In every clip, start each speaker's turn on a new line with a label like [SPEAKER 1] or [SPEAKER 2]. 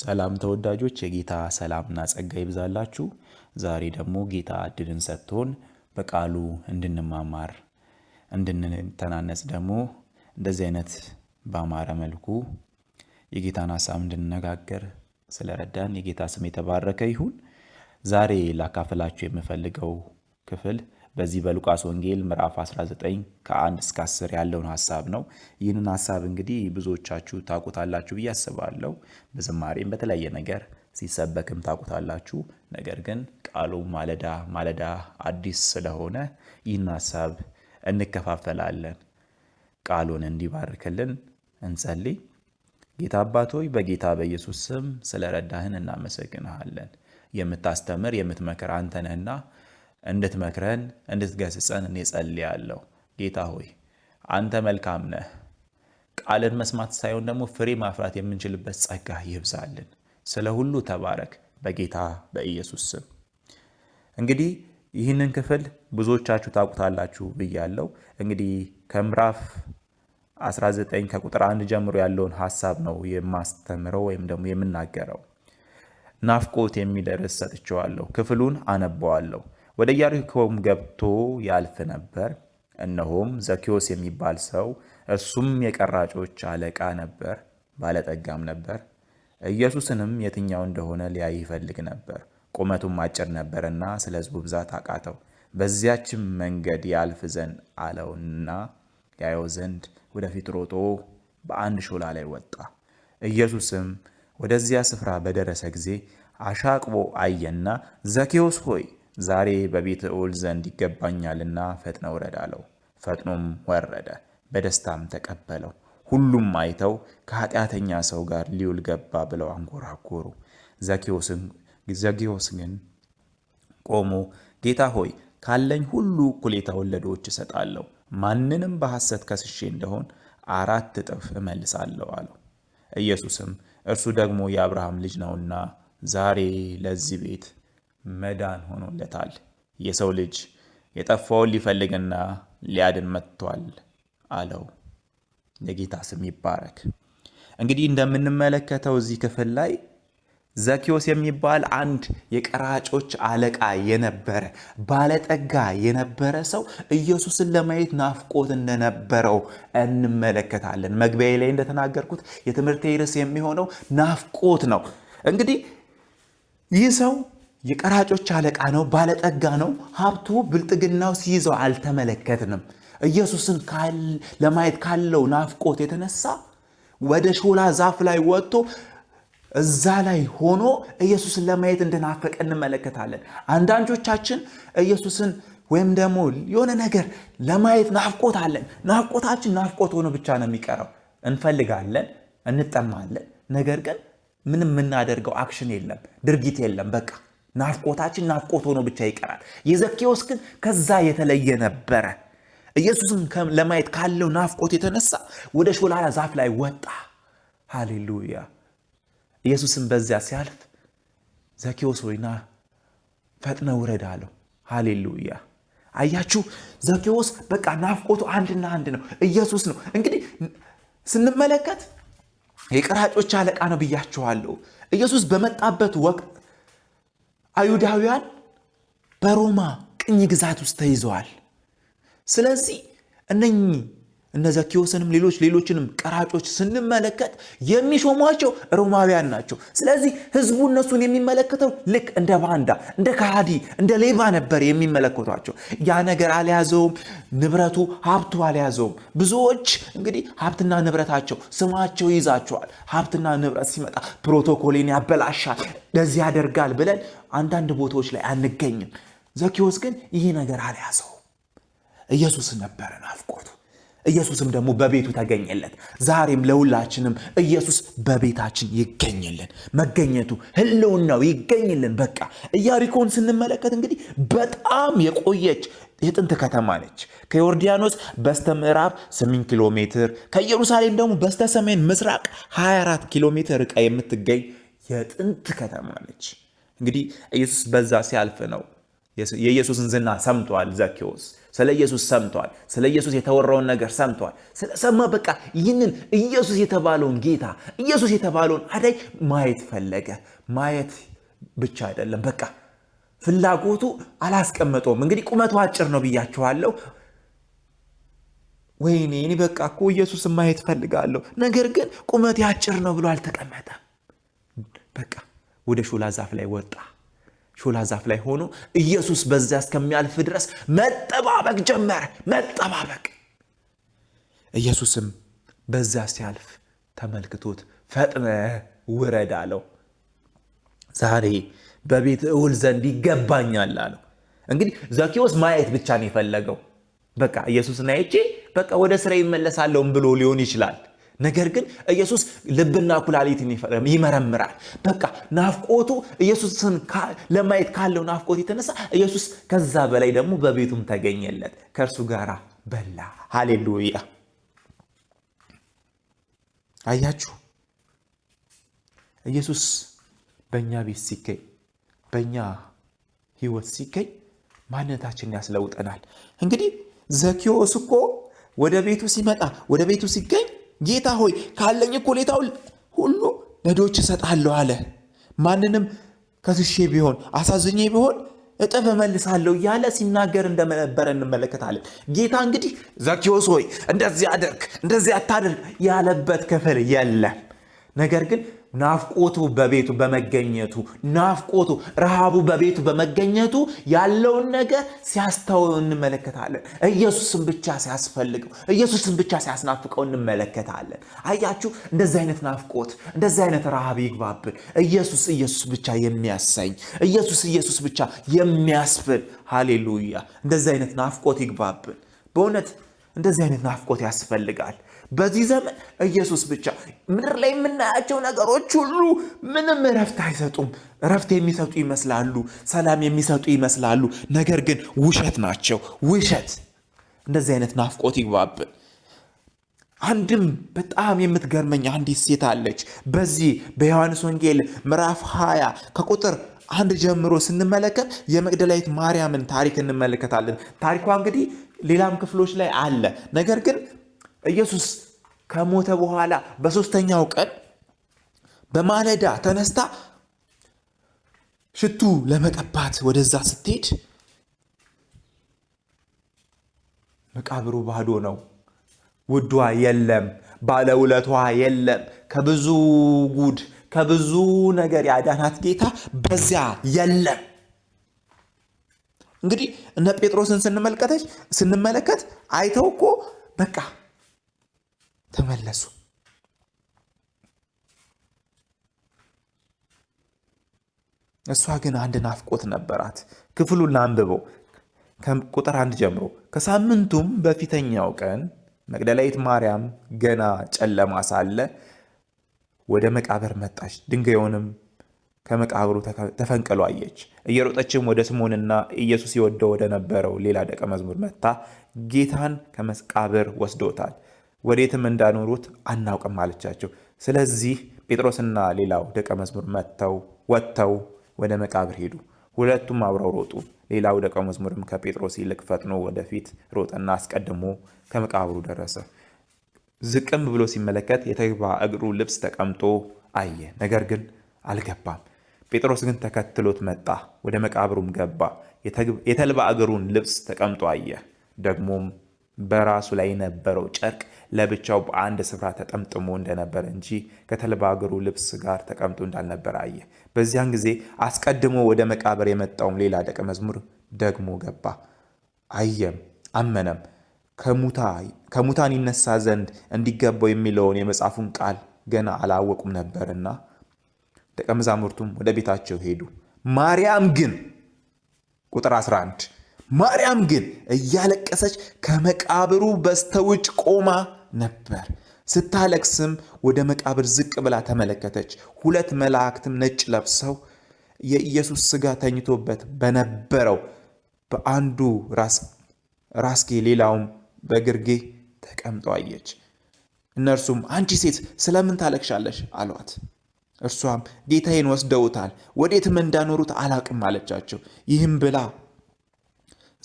[SPEAKER 1] ሰላም ተወዳጆች፣ የጌታ ሰላምና ጸጋ ይብዛላችሁ። ዛሬ ደግሞ ጌታ እድልን ሰጥቶን በቃሉ እንድንማማር እንድንተናነጽ ደግሞ እንደዚህ አይነት ባማረ መልኩ የጌታን ሀሳብ እንድንነጋገር ስለረዳን የጌታ ስም የተባረከ ይሁን። ዛሬ ላካፈላችሁ የምፈልገው ክፍል በዚህ በሉቃስ ወንጌል ምዕራፍ 19 ከ1 እስከ 10 ያለውን ሀሳብ ነው። ይህንን ሀሳብ እንግዲህ ብዙዎቻችሁ ታውቁታላችሁ ብዬ አስባለሁ። በዝማሬም በተለያየ ነገር ሲሰበክም ታውቁታላችሁ። ነገር ግን ቃሉ ማለዳ ማለዳ አዲስ ስለሆነ ይህን ሀሳብ እንከፋፈላለን። ቃሉን እንዲባርክልን እንጸልይ። ጌታ አባት ሆይ በጌታ በኢየሱስ ስም ስለረዳህን እናመሰግንሃለን። የምታስተምር የምትመክር አንተ ነህና እንድትመክረን እንድትገስጸን እኔ ጸልያለሁ። ጌታ ሆይ አንተ መልካም ነህ። ቃልን መስማት ሳይሆን ደግሞ ፍሬ ማፍራት የምንችልበት ጸጋ ይብዛልን። ስለ ሁሉ ተባረክ፣ በጌታ በኢየሱስ ስም። እንግዲህ ይህንን ክፍል ብዙዎቻችሁ ታውቁታላችሁ ብያለሁ። እንግዲህ ከምዕራፍ 19 ከቁጥር አንድ ጀምሮ ያለውን ሀሳብ ነው የማስተምረው ወይም ደግሞ የምናገረው። ናፍቆት የሚል ርዕስ ሰጥቼዋለሁ። ክፍሉን አነበዋለሁ። ወደ ኢያሪኮም ገብቶ ያልፍ ነበር። እነሆም ዘኪዎስ የሚባል ሰው እርሱም የቀራጮች አለቃ ነበር፣ ባለጠጋም ነበር። ኢየሱስንም የትኛው እንደሆነ ሊያይ ይፈልግ ነበር። ቁመቱም አጭር ነበርና ስለ ሕዝቡ ብዛት አቃተው። በዚያችም መንገድ ያልፍ ዘንድ አለውና ያየው ዘንድ ወደፊት ሮጦ በአንድ ሾላ ላይ ወጣ። ኢየሱስም ወደዚያ ስፍራ በደረሰ ጊዜ አሻቅቦ አየና ዘኬዎስ ሆይ ዛሬ በቤት እውል ዘንድ ይገባኛልና ፈጥነ ውረድ አለው። ፈጥኖም ወረደ፣ በደስታም ተቀበለው። ሁሉም አይተው ከኃጢአተኛ ሰው ጋር ሊውል ገባ ብለው አንጎራጎሩ። ዘኬዎስ ግን ቆሞ ጌታ ሆይ ካለኝ ሁሉ እኩሌታውን ለድሆች እሰጣለሁ፣ ማንንም በሐሰት ከስሼ እንደሆን አራት እጥፍ እመልሳለሁ አለው። ኢየሱስም እርሱ ደግሞ የአብርሃም ልጅ ነውና ዛሬ ለዚህ ቤት መዳን ሆኖለታል። የሰው ልጅ የጠፋውን ሊፈልግና ሊያድን መጥቷል አለው። የጌታ ስም ይባረክ። እንግዲህ እንደምንመለከተው እዚህ ክፍል ላይ ዘኪዎስ የሚባል አንድ የቀራጮች አለቃ የነበረ ባለጠጋ የነበረ ሰው ኢየሱስን ለማየት ናፍቆት እንደነበረው እንመለከታለን። መግቢያ ላይ እንደተናገርኩት የትምህርት ርዕስ የሚሆነው ናፍቆት ነው። እንግዲህ ይህ ሰው የቀራጮች አለቃ ነው፣ ባለጠጋ ነው። ሀብቱ ብልጥግናው ሲይዘው አልተመለከትንም። ኢየሱስን ለማየት ካለው ናፍቆት የተነሳ ወደ ሾላ ዛፍ ላይ ወጥቶ እዛ ላይ ሆኖ ኢየሱስን ለማየት እንደናፈቀ እንመለከታለን። አንዳንዶቻችን ኢየሱስን ወይም ደግሞ የሆነ ነገር ለማየት ናፍቆት አለን። ናፍቆታችን ናፍቆት ሆኖ ብቻ ነው የሚቀረው። እንፈልጋለን፣ እንጠማለን። ነገር ግን ምንም የምናደርገው አክሽን የለም፣ ድርጊት የለም። በቃ ናፍቆታችን ናፍቆት ሆኖ ብቻ ይቀራል። የዘኬዎስ ግን ከዛ የተለየ ነበረ። ኢየሱስን ለማየት ካለው ናፍቆት የተነሳ ወደ ሾላላ ዛፍ ላይ ወጣ። ሃሌሉያ! ኢየሱስን በዚያ ሲያልፍ ዘኬዎስ ወይና ፈጥነ ውረድ አለው። ሃሌሉያ! አያችሁ፣ ዘኬዎስ በቃ ናፍቆቱ አንድና አንድ ነው፣ ኢየሱስ ነው። እንግዲህ ስንመለከት የቀራጮች አለቃ ነው ብያችኋለሁ። ኢየሱስ በመጣበት ወቅት አይሁዳውያን በሮማ ቅኝ ግዛት ውስጥ ተይዘዋል። ስለዚህ እነኚህ እነ ዘኪዎስንም ሌሎች ሌሎችንም ቀራጮች ስንመለከት የሚሾሟቸው ሮማውያን ናቸው። ስለዚህ ህዝቡ እነሱን የሚመለከተው ልክ እንደ ባንዳ፣ እንደ ከሃዲ፣ እንደ ሌባ ነበር የሚመለከቷቸው። ያ ነገር አልያዘውም፣ ንብረቱ ሀብቱ አልያዘውም። ብዙዎች እንግዲህ ሀብትና ንብረታቸው ስማቸው ይዛቸዋል። ሀብትና ንብረት ሲመጣ ፕሮቶኮሊን ያበላሻል፣ እንደዚህ ያደርጋል ብለን አንዳንድ ቦታዎች ላይ አንገኝም። ዘኪዎስ ግን ይህ ነገር አልያዘውም። ኢየሱስ ነበረ ናፍቆቱ። ኢየሱስም ደግሞ በቤቱ ተገኘለት። ዛሬም ለሁላችንም ኢየሱስ በቤታችን ይገኝልን፣ መገኘቱ ህልውናው ይገኝልን። በቃ ኢያሪኮን ስንመለከት እንግዲህ በጣም የቆየች የጥንት ከተማ ነች። ከዮርዲያኖስ በስተ ምዕራብ 8 ኪሎ ሜትር ከኢየሩሳሌም ደግሞ በስተ ሰሜን ምስራቅ 24 ኪሎ ሜትር ርቃ የምትገኝ የጥንት ከተማ ነች። እንግዲህ ኢየሱስ በዛ ሲያልፍ ነው የኢየሱስን ዝና ሰምቷል ዘኬዎስ ስለ ኢየሱስ ሰምቷል። ስለ ኢየሱስ የተወራውን ነገር ሰምቷል። ስለሰማ በቃ ይህንን ኢየሱስ የተባለውን ጌታ ኢየሱስ የተባለውን አዳይ ማየት ፈለገ። ማየት ብቻ አይደለም፣ በቃ ፍላጎቱ አላስቀመጠውም። እንግዲህ ቁመቱ አጭር ነው ብያችኋለሁ። ወይኔ እኔ በቃ እኮ ኢየሱስ ማየት ፈልጋለሁ፣ ነገር ግን ቁመቴ አጭር ነው ብሎ አልተቀመጠም። በቃ ወደ ሾላ ዛፍ ላይ ወጣ። ሾላ ዛፍ ላይ ሆኖ ኢየሱስ በዚያ እስከሚያልፍ ድረስ መጠባበቅ ጀመረ። መጠባበቅ ኢየሱስም በዚያ ሲያልፍ ተመልክቶት ፈጥነ ውረድ አለው። ዛሬ በቤት እውል ዘንድ ይገባኛል አለው። እንግዲህ ዘኬዎስ ማየት ብቻ ነው የፈለገው። በቃ ኢየሱስን አይቼ በቃ ወደ ስራ ይመለሳለውም ብሎ ሊሆን ይችላል። ነገር ግን ኢየሱስ ልብና ኩላሊትን ይመረምራል። በቃ ናፍቆቱ ኢየሱስን ለማየት ካለው ናፍቆት የተነሳ ኢየሱስ ከዛ በላይ ደግሞ በቤቱም ተገኘለት፣ ከእርሱ ጋር በላ። ሃሌሉያ! አያችሁ ኢየሱስ በእኛ ቤት ሲገኝ፣ በእኛ ህይወት ሲገኝ ማንነታችንን ያስለውጠናል። እንግዲህ ዘኪዎስ እኮ ወደ ቤቱ ሲመጣ ወደ ቤቱ ሲገኝ ጌታ ሆይ ካለኝ እኮ ሁሉ ለድሆች እሰጣለሁ አለ። ማንንም ከስሼ ቢሆን አሳዝኜ ቢሆን እጥፍ እመልሳለሁ እያለ ሲናገር እንደነበረ እንመለከታለን። ጌታ እንግዲህ ዘኪዎስ ሆይ እንደዚህ አድርግ እንደዚህ አታድርግ ያለበት ክፍል የለም። ነገር ግን ናፍቆቱ በቤቱ በመገኘቱ ናፍቆቱ ረሃቡ በቤቱ በመገኘቱ ያለውን ነገር ሲያስተውል እንመለከታለን። ኢየሱስን ብቻ ሲያስፈልገው፣ ኢየሱስን ብቻ ሲያስናፍቀው እንመለከታለን። አያችሁ፣ እንደዚህ አይነት ናፍቆት፣ እንደዚህ አይነት ረሃብ ይግባብን። ኢየሱስ ኢየሱስ ብቻ የሚያሰኝ ኢየሱስ ኢየሱስ ብቻ የሚያስብል ሃሌሉያ! እንደዚህ አይነት ናፍቆት ይግባብን። በእውነት እንደዚህ አይነት ናፍቆት ያስፈልጋል። በዚህ ዘመን ኢየሱስ ብቻ። ምድር ላይ የምናያቸው ነገሮች ሁሉ ምንም እረፍት አይሰጡም። እረፍት የሚሰጡ ይመስላሉ፣ ሰላም የሚሰጡ ይመስላሉ፣ ነገር ግን ውሸት ናቸው። ውሸት። እንደዚህ አይነት ናፍቆት ይግባብን። አንድም በጣም የምትገርመኝ አንዲት ሴት አለች። በዚህ በዮሐንስ ወንጌል ምዕራፍ 20 ከቁጥር አንድ ጀምሮ ስንመለከት የመግደላዊት ማርያምን ታሪክ እንመለከታለን። ታሪኳ እንግዲህ ሌላም ክፍሎች ላይ አለ። ነገር ግን ኢየሱስ ከሞተ በኋላ በሶስተኛው ቀን በማለዳ ተነስታ ሽቱ ለመቀባት ወደዛ ስትሄድ መቃብሩ ባዶ ነው። ውዷ የለም፣ ባለውለቷ የለም። ከብዙ ጉድ ከብዙ ነገር ያዳናት ጌታ በዚያ የለም። እንግዲህ እነ ጴጥሮስን ስንመለከተች ስንመለከት አይተው እኮ በቃ ተመለሱ። እሷ ግን አንድ ናፍቆት ነበራት። ክፍሉን ላንብበው ከቁጥር አንድ ጀምሮ። ከሳምንቱም በፊተኛው ቀን መግደላዊት ማርያም ገና ጨለማ ሳለ ወደ መቃብር መጣች። ድንጋዩንም ከመቃብሩ ተፈንቅሎ አየች። እየሮጠችም ወደ ስምዖንና ኢየሱስ ይወደው ወደ ነበረው ሌላ ደቀ መዝሙር መታ ጌታን ከመቃብር ወስዶታል ወዴትም እንዳኖሩት አናውቅም አለቻቸው። ስለዚህ ጴጥሮስና ሌላው ደቀ መዝሙር መጥተው ወጥተው ወደ መቃብር ሄዱ። ሁለቱም አብረው ሮጡ። ሌላው ደቀ መዝሙርም ከጴጥሮስ ይልቅ ፈጥኖ ወደፊት ሮጠና አስቀድሞ ከመቃብሩ ደረሰ። ዝቅም ብሎ ሲመለከት የተግባ እግሩ ልብስ ተቀምጦ አየ፣ ነገር ግን አልገባም። ጴጥሮስ ግን ተከትሎት መጣ፣ ወደ መቃብሩም ገባ። የተልባ እግሩን ልብስ ተቀምጦ አየ፣ ደግሞም በራሱ ላይ የነበረው ጨርቅ ለብቻው በአንድ ስፍራ ተጠምጥሞ እንደነበረ እንጂ ከተልባገሩ ልብስ ጋር ተቀምጦ እንዳልነበረ አየ። በዚያን ጊዜ አስቀድሞ ወደ መቃብር የመጣውም ሌላ ደቀ መዝሙር ደግሞ ገባ፣ አየም፣ አመነም። ከሙታን ይነሳ ዘንድ እንዲገባው የሚለውን የመጽሐፉን ቃል ገና አላወቁም ነበርና። ደቀ መዛሙርቱም ወደ ቤታቸው ሄዱ። ማርያም ግን ቁጥር 11 ማርያም ግን እያለቀሰች ከመቃብሩ በስተውጭ ቆማ ነበር። ስታለቅስም ወደ መቃብር ዝቅ ብላ ተመለከተች። ሁለት መላእክትም ነጭ ለብሰው የኢየሱስ ሥጋ ተኝቶበት በነበረው በአንዱ ራስጌ ሌላውም በግርጌ ተቀምጦ አየች። እነርሱም አንቺ ሴት ስለምን ታለቅሻለሽ? አሏት። እርሷም ጌታዬን ወስደውታል፣ ወዴትም እንዳኖሩት አላቅም አለቻቸው። ይህም ብላ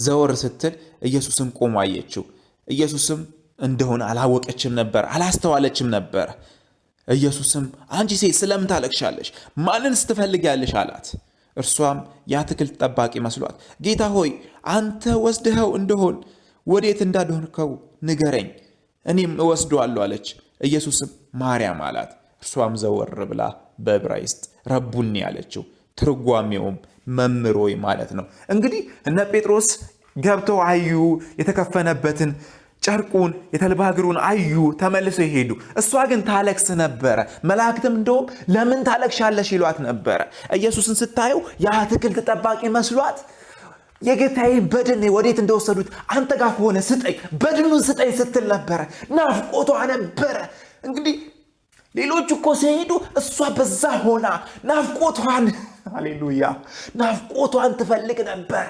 [SPEAKER 1] ዘወር ስትል ኢየሱስም ቆሞ አየችው። ኢየሱስም እንደሆነ አላወቀችም ነበር፣ አላስተዋለችም ነበር። ኢየሱስም አንቺ ሴት ስለምን ታለቅሻለሽ? ማንን ስትፈልጊያለሽ? አላት። እርሷም የአትክልት ጠባቂ መስሏት ጌታ ሆይ አንተ ወስድኸው እንደሆን ወዴት እንዳደሆንከው ንገረኝ፣ እኔም እወስደዋለሁ አለች። ኢየሱስም ማርያም አላት። እርሷም ዘወር ብላ በዕብራይስጥ ረቡኒ አለችው። ትርጓሜውም መምሮይ ማለት ነው። እንግዲህ እነ ጴጥሮስ ገብተው አዩ፣ የተከፈነበትን ጨርቁን የተልባ እግሩን አዩ፣ ተመልሰው ይሄዱ። እሷ ግን ታለቅስ ነበረ። መላእክትም እንደውም ለምን ታለቅሻለሽ ይሏት ነበረ። ኢየሱስን ስታየው የአትክልት ጠባቂ መስሏት የጌታዬ በድን ወዴት እንደወሰዱት አንተ ጋር ከሆነ ስጠኝ፣ በድኑን ስጠኝ ስትል ነበረ። ናፍቆቷ ነበረ እንግዲህ ሌሎች እኮ ሲሄዱ እሷ በዛ ሆና ናፍቆቷን ሃሌሉያ። ናፍቆቷን ትፈልግ ነበር።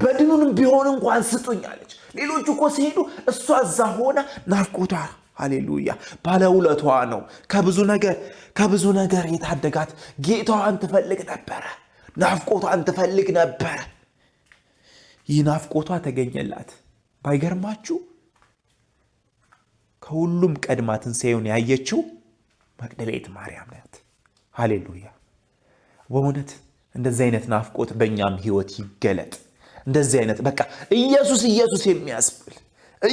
[SPEAKER 1] በድኑንም ቢሆን እንኳን ስጡኝ አለች። ሌሎቹ እኮ ሲሄዱ እሷ እዛ ሆና ናፍቆቷ ሃሌሉያ ባለውለቷ ነው። ከብዙ ነገር ከብዙ ነገር የታደጋት ጌታዋን ትፈልግ ነበረ። ናፍቆቷን ትፈልግ ነበረ። ይህ ናፍቆቷ ተገኘላት። ባይገርማችሁ ከሁሉም ቀድማ ትንሣኤውን ያየችው መቅደሌት ማርያም ናት። ሃሌሉያ በእውነት እንደዚህ አይነት ናፍቆት በእኛም ህይወት ይገለጥ። እንደዚህ አይነት በቃ ኢየሱስ ኢየሱስ የሚያስብል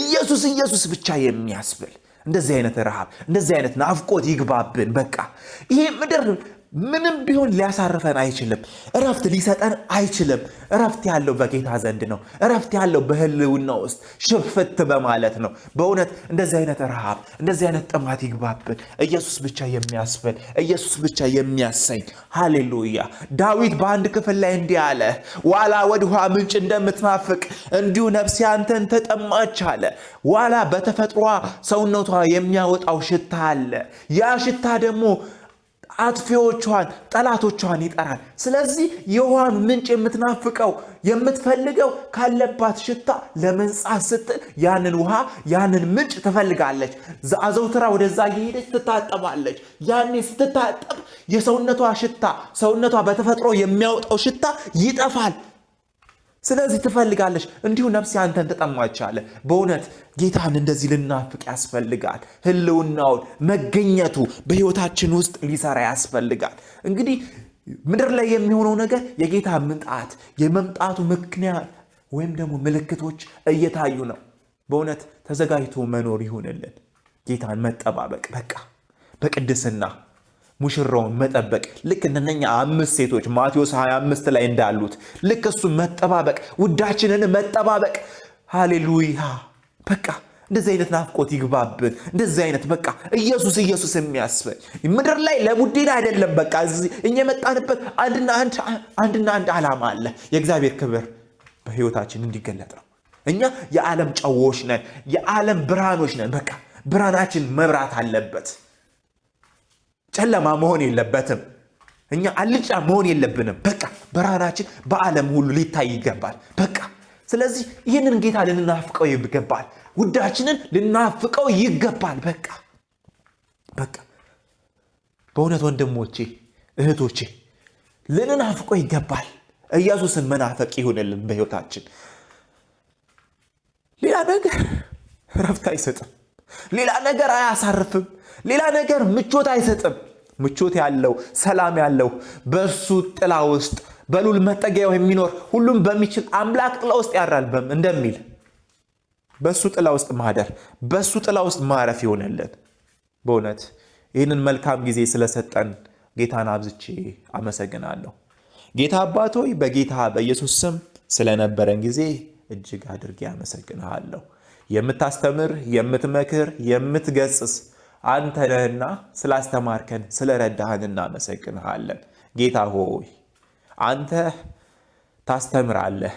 [SPEAKER 1] ኢየሱስ ኢየሱስ ብቻ የሚያስብል እንደዚህ አይነት ረሃብ እንደዚህ አይነት ናፍቆት ይግባብን። በቃ ይሄ ምድር ምንም ቢሆን ሊያሳርፈን አይችልም። እረፍት ሊሰጠን አይችልም። እረፍት ያለው በጌታ ዘንድ ነው። እረፍት ያለው በህልውና ውስጥ ሽፍት በማለት ነው። በእውነት እንደዚህ አይነት ረሃብ፣ እንደዚህ አይነት ጥማት ይግባብን። ኢየሱስ ብቻ የሚያስብል ኢየሱስ ብቻ የሚያሰኝ ሃሌሉያ። ዳዊት በአንድ ክፍል ላይ እንዲህ አለ፣ ዋላ ወደ ውሃ ምንጭ እንደምትናፍቅ እንዲሁ ነፍሴ አንተን ተጠማች አለ። ዋላ በተፈጥሯ ሰውነቷ የሚያወጣው ሽታ አለ። ያ ሽታ ደግሞ አጥፊዎቿን ጠላቶቿን ይጠራል። ስለዚህ የውሃን ምንጭ የምትናፍቀው የምትፈልገው ካለባት ሽታ ለመንጻት ስትል ያንን ውሃ ያንን ምንጭ ትፈልጋለች። አዘውትራ ወደዛ እየሄደች ትታጠባለች። ያኔ ስትታጠብ የሰውነቷ ሽታ ሰውነቷ በተፈጥሮ የሚያወጣው ሽታ ይጠፋል። ስለዚህ ትፈልጋለች። እንዲሁ ነፍሴ ያንተን ተጠማቻለ በእውነት ጌታን እንደዚህ ልናፍቅ ያስፈልጋል። ህልውናውን መገኘቱ በህይወታችን ውስጥ ሊሰራ ያስፈልጋል። እንግዲህ ምድር ላይ የሚሆነው ነገር የጌታ ምጣት የመምጣቱ ምክንያት ወይም ደግሞ ምልክቶች እየታዩ ነው። በእውነት ተዘጋጅቶ መኖር ይሁንልን። ጌታን መጠባበቅ በቃ በቅድስና ሙሽራውን መጠበቅ ልክ እንደነኛ አምስት ሴቶች ማቴዎስ 25 ላይ እንዳሉት ልክ እሱ መጠባበቅ፣ ውዳችንን መጠባበቅ። ሃሌሉያ! በቃ እንደዚህ አይነት ናፍቆት ይግባብን። እንደዚህ አይነት በቃ ኢየሱስ ኢየሱስ የሚያስበኝ ምድር ላይ ለቡድን አይደለም። በቃ እኛ የመጣንበት አንድና አንድ ዓላማ አለ። የእግዚአብሔር ክብር በህይወታችን እንዲገለጥ ነው። እኛ የዓለም ጨዎች ነን፣ የዓለም ብርሃኖች ነን። በቃ ብርሃናችን መብራት አለበት። ጨለማ መሆን የለበትም። እኛ አልጫ መሆን የለብንም። በቃ ብርሃናችን በዓለም ሁሉ ሊታይ ይገባል። በቃ ስለዚህ ይህንን ጌታ ልንናፍቀው ይገባል። ውዳችንን ልናፍቀው ይገባል። በቃ በቃ በእውነት ወንድሞቼ እህቶቼ ልንናፍቀው ይገባል። ኢየሱስን መናፈቅ ይሁንልን በሕይወታችን። ሌላ ነገር ረፍት አይሰጥም። ሌላ ነገር አያሳርፍም። ሌላ ነገር ምቾት አይሰጥም። ምቾት ያለው ሰላም ያለው በእሱ ጥላ ውስጥ በሉል መጠጊያው የሚኖር ሁሉም በሚችል አምላክ ጥላ ውስጥ ያድራል እንደሚል በእሱ ጥላ ውስጥ ማደር በእሱ ጥላ ውስጥ ማረፍ ይሆነልን። በእውነት ይህንን መልካም ጊዜ ስለሰጠን ጌታን አብዝቼ አመሰግናለሁ። ጌታ አባት ሆይ በጌታ በኢየሱስ ስም ስለነበረን ጊዜ እጅግ አድርጌ አመሰግንሃለሁ። የምታስተምር፣ የምትመክር፣ የምትገስጽ አንተ ነህና ስላስተማርከን ስለረዳህን እናመሰግንሃለን። ጌታ ሆይ አንተ ታስተምራለህ፣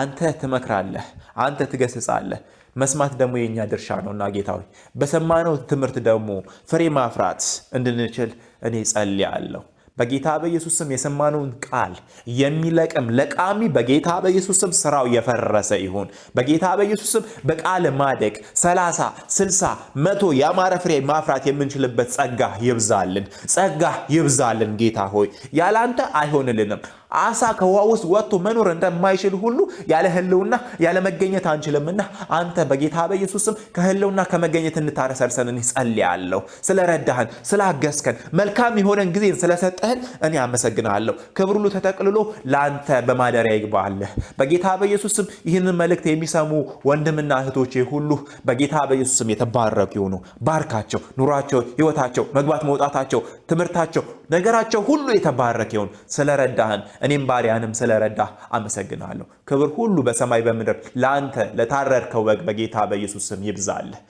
[SPEAKER 1] አንተ ትመክራለህ፣ አንተ ትገስጻለህ። መስማት ደግሞ የእኛ ድርሻ ነውና ጌታ ሆይ በሰማነው ትምህርት ደግሞ ፍሬ ማፍራት እንድንችል እኔ ጸልያለሁ። በጌታ በኢየሱስ ስም የሰማነውን ቃል የሚለቅም ለቃሚ በጌታ በኢየሱስ ስም ስራው የፈረሰ ይሁን። በጌታ በኢየሱስ ስም በቃል ማደግ 30፣ 60፣ መቶ ያማረ ፍሬ ማፍራት የምንችልበት ጸጋ ይብዛልን፣ ጸጋ ይብዛልን። ጌታ ሆይ ያላንተ አይሆንልንም። አሳ ከውሃ ውስጥ ወጥቶ መኖር እንደማይችል ሁሉ ያለ ህልውና ያለ መገኘት አንችልምና አንተ በጌታ በኢየሱስም ከህልውና ከመገኘት እንታረሰርሰን እኔ ጸልያለሁ። ስለረዳህን፣ ስላገዝከን፣ መልካም የሆነን ጊዜን ስለሰጠህን እኔ አመሰግናለሁ። ክብር ሁሉ ተጠቅልሎ ለአንተ በማደሪያ ይግባለህ። በጌታ በኢየሱስም ይህንን መልእክት የሚሰሙ ወንድምና እህቶቼ ሁሉ በጌታ በኢየሱስም የተባረኩ ይሆኑ። ባርካቸው፣ ኑሯቸው፣ ህይወታቸው፣ መግባት መውጣታቸው፣ ትምህርታቸው፣ ነገራቸው ሁሉ የተባረክ ይሆን ስለረዳህን እኔም ባሪያንም ስለረዳህ አመሰግናለሁ። ክብር ሁሉ በሰማይ በምድር ለአንተ ለታረድከው በግ በጌታ በኢየሱስ ስም ይብዛልህ።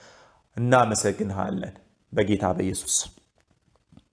[SPEAKER 1] እናመሰግንሃለን በጌታ በኢየሱስ